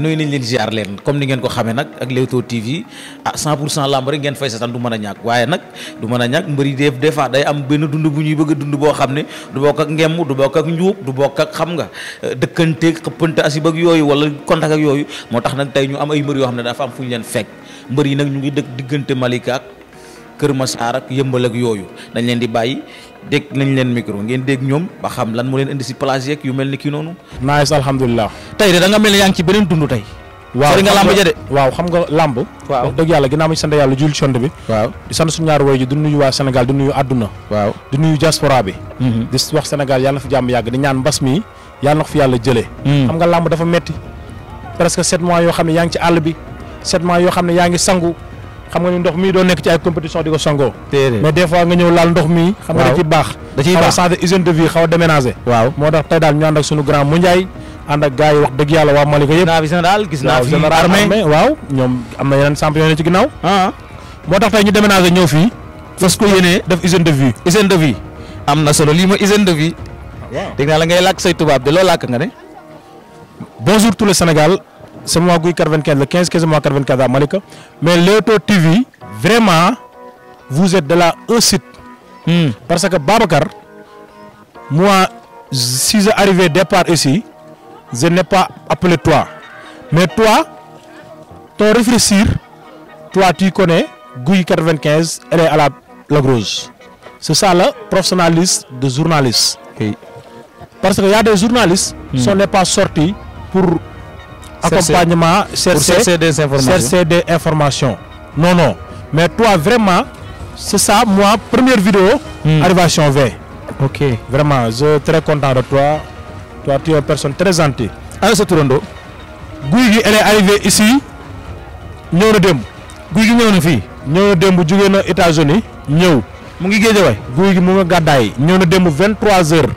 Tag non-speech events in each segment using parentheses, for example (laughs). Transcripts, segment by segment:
nuyu nañ leen ziar leen comme ni ngeen ko xamee nag ak Leewtoo TV ah 100 pour cent làmb rek ngeen fay seetaan du mën a ñàkk waaye nag du mën a ñàkk mbëri def des fois day am benn dund bu ñuy bëgg dund boo xam ne du bokk ak ngemm du bokk ak njuub du bokk ak xam nga euh, dëkkante xëppante asib ak yooyu wala contact ak yooyu moo tax nag tey ñu am ay mbër yoo xam ne dafa am fu ñu leen fekk mbër yi nag ñu ngi dëkk diggante Malika ak Kër Massar ak yëmbal ak yooyu dañ leen di bàyyi dégg nañ leen micro ngeen dégg ñoom ba xam lan moo leen indi si plage yeeg yu mel ni kii noonu. naaj alhamdulilah. tey de da nga mel ni yaa ngi ci beneen dund tey. waaw sori nga làmb ja nga làmb. waaw wax dëgg yàlla ginnaaw ma ci sant yàlla jul cont bi. waaw di sant suñu ñaar woy ji di nuyu waa Sénégal di nuyu àdduna. waaw di nuyu diaspora bi. Mhm. di wax Sénégal yàlla na fi jàmm yàgg di ñaan mbas mi yàlla na ko fi yàlla jëlee. Mhm. xam nga làmb dafa metti presque sept yoo xam ne yaa ngi ci àll bi sept yoo xam ne yaa ngi sangu xam nga ni ndox mii doo nekk ci ay compétition di ko sangoo. mais des fois nga ñëw laal ndox mii. xam nga da ciy baax. da ciy baax xaw a changé hygiène de vie xaw a déménager. waaw moo tax tey daal ñu ànd ak sunu grand Moundiaye ànd ak gars yi wax dëgg yàlla waa Malika yëpp. gis naa daal gis naa fi armée am na yeneen champion ah. moo tax tey ñu déménager ñëw fii. parce que yéene def hygiène de vie. hygiène de vie am na solo lii mooy hygiène de vie. waaw naa la ngay làkk say tubaab de loo làkk nga ne. bonjour tout le Sénégal seulement Guy 95, le 15, 15 mois 95 à Malika. Mais l'Auto TV, vraiment, vous êtes de la un site. Mm. Parce que Babacar, moi, si j'arrivais départ ici, je n'ai pas appelé toi. Mais toi, ton réfléchir, toi tu connais, Guy 95, elle est à la, la grosse. C'est ça le professionnaliste de journaliste. Parce qu'il y des journalistes, qui mm. si pour accompagnement chercher, chercher des informations chercher des informations non mais toi vraiment c'est ça moi première vidéo hmm. Arrivation V ok vraiment je suis très content de toi toi personne très gentille ana sa turando guy gi elle est arrivée ici ñëw na démb guy gi ñëw na fii ñëw na démb jugee na États-Unis ñëw mu ngi géejawaay guy gi mu nga gàddaay ñëw na démb vingt-trois heures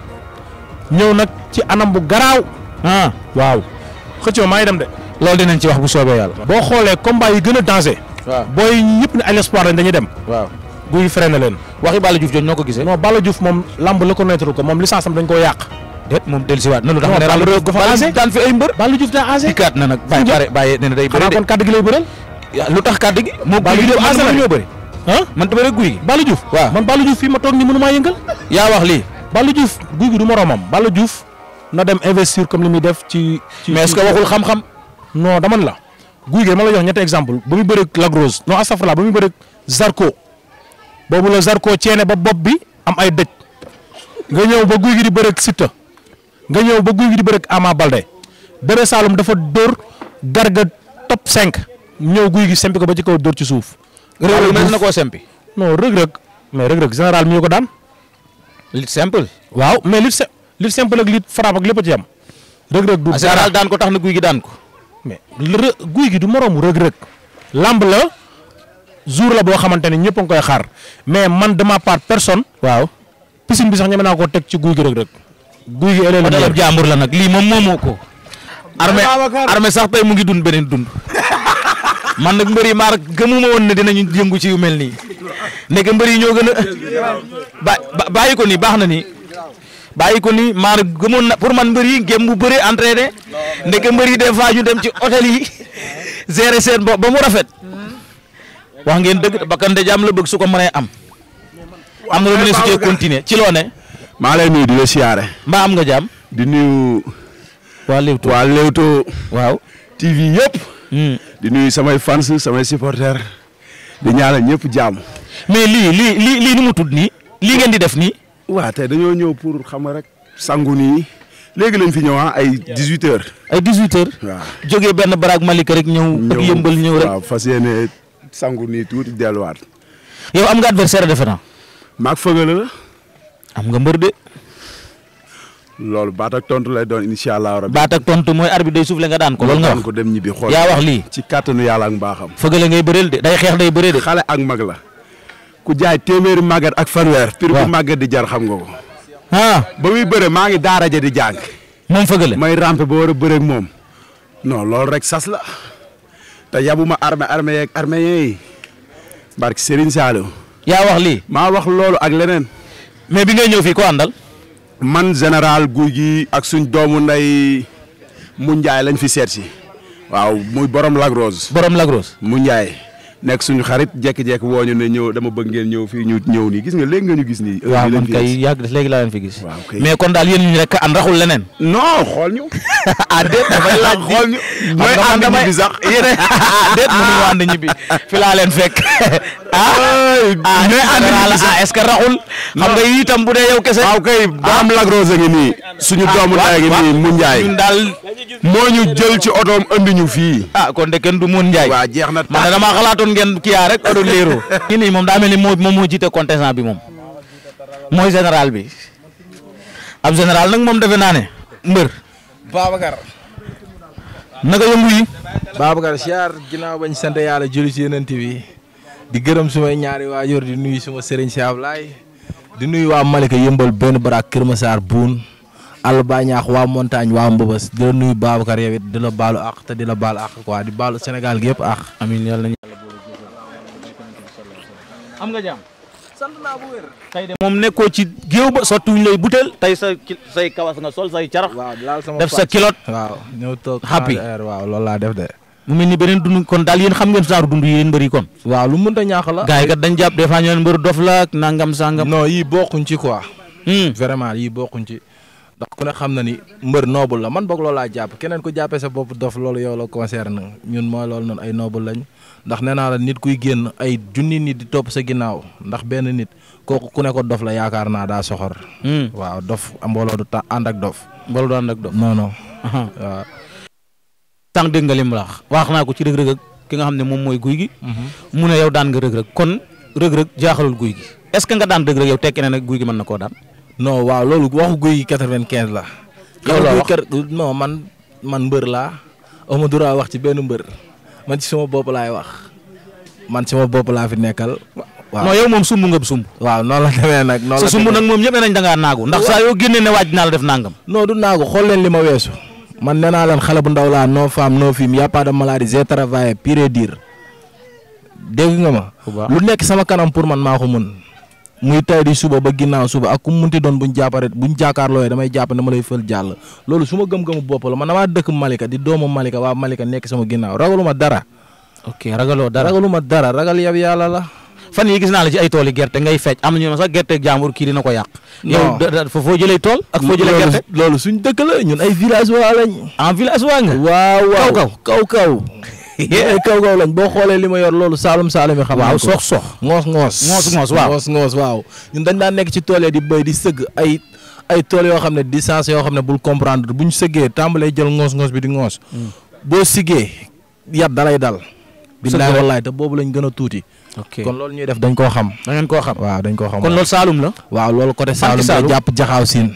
ñëw nag ci anam bu garaaw ah waaw xëccoo maa ngi dem de. loolu dinañ ci wax bu soobee yàlla. boo xoolee combat yi gën a danger. waaw booy ñëpp ne à l'espoir lañ dañuy dem. waaw guy freiné leen. waxi Balla Diouf jooju noo ko gisee. non Balla Diouf moom lamb la ko nettaru ko moom licence am dañ koo yàq. lu tax ne gi lay bëral. lu tax kàddu gi. moom guy gi âgé la ñoo bëri. man dama rek guy gi. Balla Diouf waaw man Balla Diouf fii ma toog ni mënu maa yëngal. yaa wax lii. Balla Diouf guy gi du moroomam Balla Diouf na dem investir comme li muy def ci. ci mais est-ce waxul xam-xam. non dama la guy gi dama la jox ñetti exemple ba mu muy bëreeg lagrose non astafurlah ba muy bëreeg zarko boobu la zarko ceene ba bopp bi am ay dëj nga ñëw ba guy gi di bëreeg Siteu nga ñëw ba guy gi di bëreeg Ama Balde Bébé Saloum dafa dóor garga top 5 ñëw guy gi sempi ko ba ci kaw dóor ci suuf. rëg rëg na koo sempi. non rëg rëg général mi ñu ko daan. lutte simple. waaw mais lutte lutte simple ak lutte frappe ak lépp a ci am. rëg-rëg du dara daan ko tax na guy gi daan ko. mais guy gi du moroomu rëg-rëg. lamb la jour la boo xamante ne ñëpp a ngi koy xaar mais man de ma personne. waaw piscine bi sax ñeme naa koo teg ci guy gi rëg-rëg. guy gi éleveur la jàmbur la nag lii moom moomoo ko. armée armée sax tey mu ngi dund beneen dund. man nag mbër yi maar gëmuma woon ne dinañu yëngu ci yu mel nii nekk mbër yi ñoo gën a bàyyi ko nii baax na nii bàyyi ko nii maar gëmoon na pour man mbër yi ngém bu bëri entraîné ndeke mbër yi des fois ñu dem ci hôtel yi (laughs) gérer seen ba mu rafet wax ngeen dëgg bakkan de jàmm la bëgg su ko mënee am am na lu mu ne ci loo ne maa lay nuyu di la siyaare mbaa am nga jàmm di nuyu waa Leewtoo waa Leewtoo waaw TV yëpp hmm. di nuyu samay fans samay supporters di ñaanal ñëpp jàmm mais lii lii lii lii nu mu tudd nii lii ngeen di def nii waaw tey dañoo ñëw pour xam rek sangu nii léegi lañ fi ñëw ah ay 18 heures. ay 18 heures. waaw jógee benn baraag Malika rek ñëw. ak yëmbal ñëw rek waaw fas yéene sangu nii tuuti delluwaat. yow am nga adversaire defe naa. maak fëgale la. am nga mbër de. loolu baat ak tontu lay doon incha allah rabi. baat ak tontu mooy arbitre day soufflé nga daan ko. loolu nga wax ko dem ñibbi xool. yaa wax lii ci kàttanu yàlla ak mbaaxam. fëgale ngay bëreel de day xeex day bëree de. xale ak mag la. ku jaay téeméeri màggat ak fanweer. waaw prix bu di jar xam nga ko. Ah. ba muy bëre maa ngi daara ja di jàng. moom fëgale may rampe ba war a bëreeg moom. no loolu rek sas la te yabuma armée armée yeeg armée yi barke Serigne yaa wax lii. maa wax loolu ak leneen. mais bi ngay ñëw fii ko àndal. man général guy gi ak suñ doomu nday mu njaay lañ fi seet si. waaw muy borom lagros borom Lac mu njaay. nekk suñu xarit jékki-jékki woo ñu ne ñëw dama bëgg ngeen ñëw fii ñu ñëw nii gis nga léegi nga ñu gis nii. waaw man kay yàgg des léegi laa leen fi gis. mais kon daal yéen ñu rek an raxul leneen. non xool ñu. (laughs) ah déet dafay (laughs) laaj xool ñu. mooy ànd ñibbi sax (laughs) yéen ah déet mënuñu ànd ñibbi fi laa leen fekk. ah ñooy ah, ànd ñibbi ah, ce que raxul. xam nga bu dee yow kese. waaw kay ba ah. am lagrose ngi suñu doomu daay ngi nii mu njaay. moo ñu jël ci otoom andi ñu fii. ah kon de kenn du mun njaay. man damaa xalaatoon ngeen kii yaa rek odo léero kii nii moom daa mel ni moo moom moo jiite contestant bi moom mooy général bi ab général nag moom defe naa ne mbër Babacar naka yëngu yi Babacar siyaar ginnaaw bañ sant yàlla julli ci yeneen bi di gërëm sumay ñaari waajur di nuyu suma sëriñ si Ablaay di nuyu waa Malika yëmbal benn baraak Kër Masaar buun àll ba ñaax waa montagne waa mbëbës di la nuyu Babacar yow it di la baalu àq te di la baal àq quoi di baalu Sénégal am nga jàmm. sant de moom nekkoo ci géew ba sottuñ lay butéel tey sa say kawas nga sol say carax. def sa kilot. waaw ñëw toog happy waaw loolu laa def de. mu mel ni beneen dund kon daal yéen xam ngeen saaru dund yéen mbëri kon. waaw lu mënta ñaax la. gars yi dañ jàpp des fois ñu naan mbëru dof la ak nangam sangam. non yii bokkuñ ci quoi. Hmm. vraiment yii bokkuñ ci. ndax ku ne xam na ni mbër noobul la man boog loolu laa jàpp keneen ku jàppe sa bopp dof loolu yow la na ñun mooy loolu noonu ay noobul lañ ndax nee naa la nit kuy génn ay junni nit di topp sa ginnaaw ndax benn nit kooku ku ne ko dof la yaakaar naa daa soxor. Hmm. waaw dof mbooloo du ta ànd ak dof. mbooloo du ànd ak dof non non. waaw. laax wax naa ko ci rëg-rëg ki nga xam ne moom mooy guy gi. Mhm. mu ne yow daan kon rëg-rëg jaaxalul guy est-ce que nga daan rëg-rëg yow na nag gi mën na koo daan. non waaw loolu waxu guy quinze la. yow la wax man man mbër laa Amadou wax ci benn mbër. man ci sama bopp laay wax man ci sama bopp laa fi nekkal. waaw non moom sumb nga sumb. waaw noonu la demee nag. noonu la demee sa sumb nag moom ñëpp nañ da ngaa naagu. ndax saa yoo génnee ne waaj naa la def nangam. non du naagu xool leen li ma weesu. man nee naa leen xale bu ndaw laa noo femme non film y a pas de maladie pire dire dégg nga ma. lu nekk sama kanam pour man maa ko mën muy tay di suba ba ginnaaw suba ak ku mu munti doon buñ jàppare buñ jàkkaarlooyee damay jàpp ne dama lay fël jàll loolu su ma gëm-gëmu bopp la man damaa dëkk Malika di doomu Malika waa Malika nekk sama ginnaaw ragaluma dara. ok ragaloo dara ragaluma dara ragal yab yàlla la. fan yi gis naa la ci ay tool yi gerte ngay fecc am na ñu ne sax gerte jàmbur kii dina ko yàq. yow foo jëlee tool. ak foo jëlee gerte loolu suñ dëkk la ñun ay village waa lañ. en ah, village waa nga. waaw waaw kaw kaw kaw kaw. (laughs) kaw kaw lañ boo xoolee li ma yor loolu saalum saalum yi xam waaw sox sox ngoos ngoos ngoos ngoos waaw ngoos ngoos tool yi di béy di sëgg ay ay yoo xam ne distance yoo xam ne bul comprendre buñ sëggee tàmbalee jël ngoos ngoos bi di ngoos hmm. boo siggee yat dalay dal billaay wallaay te boobu lañ gën a tuuti kon loolu ñuy def dañ koo xam da koo xam waaw dañ koo xam kon loolu saalum la waaw loolu côté saalum jàpp jaxaaw siin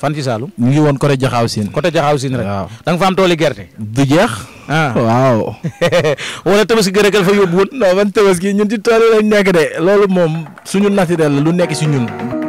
fan ci mu ngi woon côté jaxaw Siin. côté Jaxaaw Siin rek. waaw da nga fa am tooli gerte. du jeex. ah waaw. (laughs) wala tabaski gërëm la fa yóbbu woon. non man tabaski ñun ci tool yi lañ nekk de loolu moom suñu naturel la lu nekk si ñun.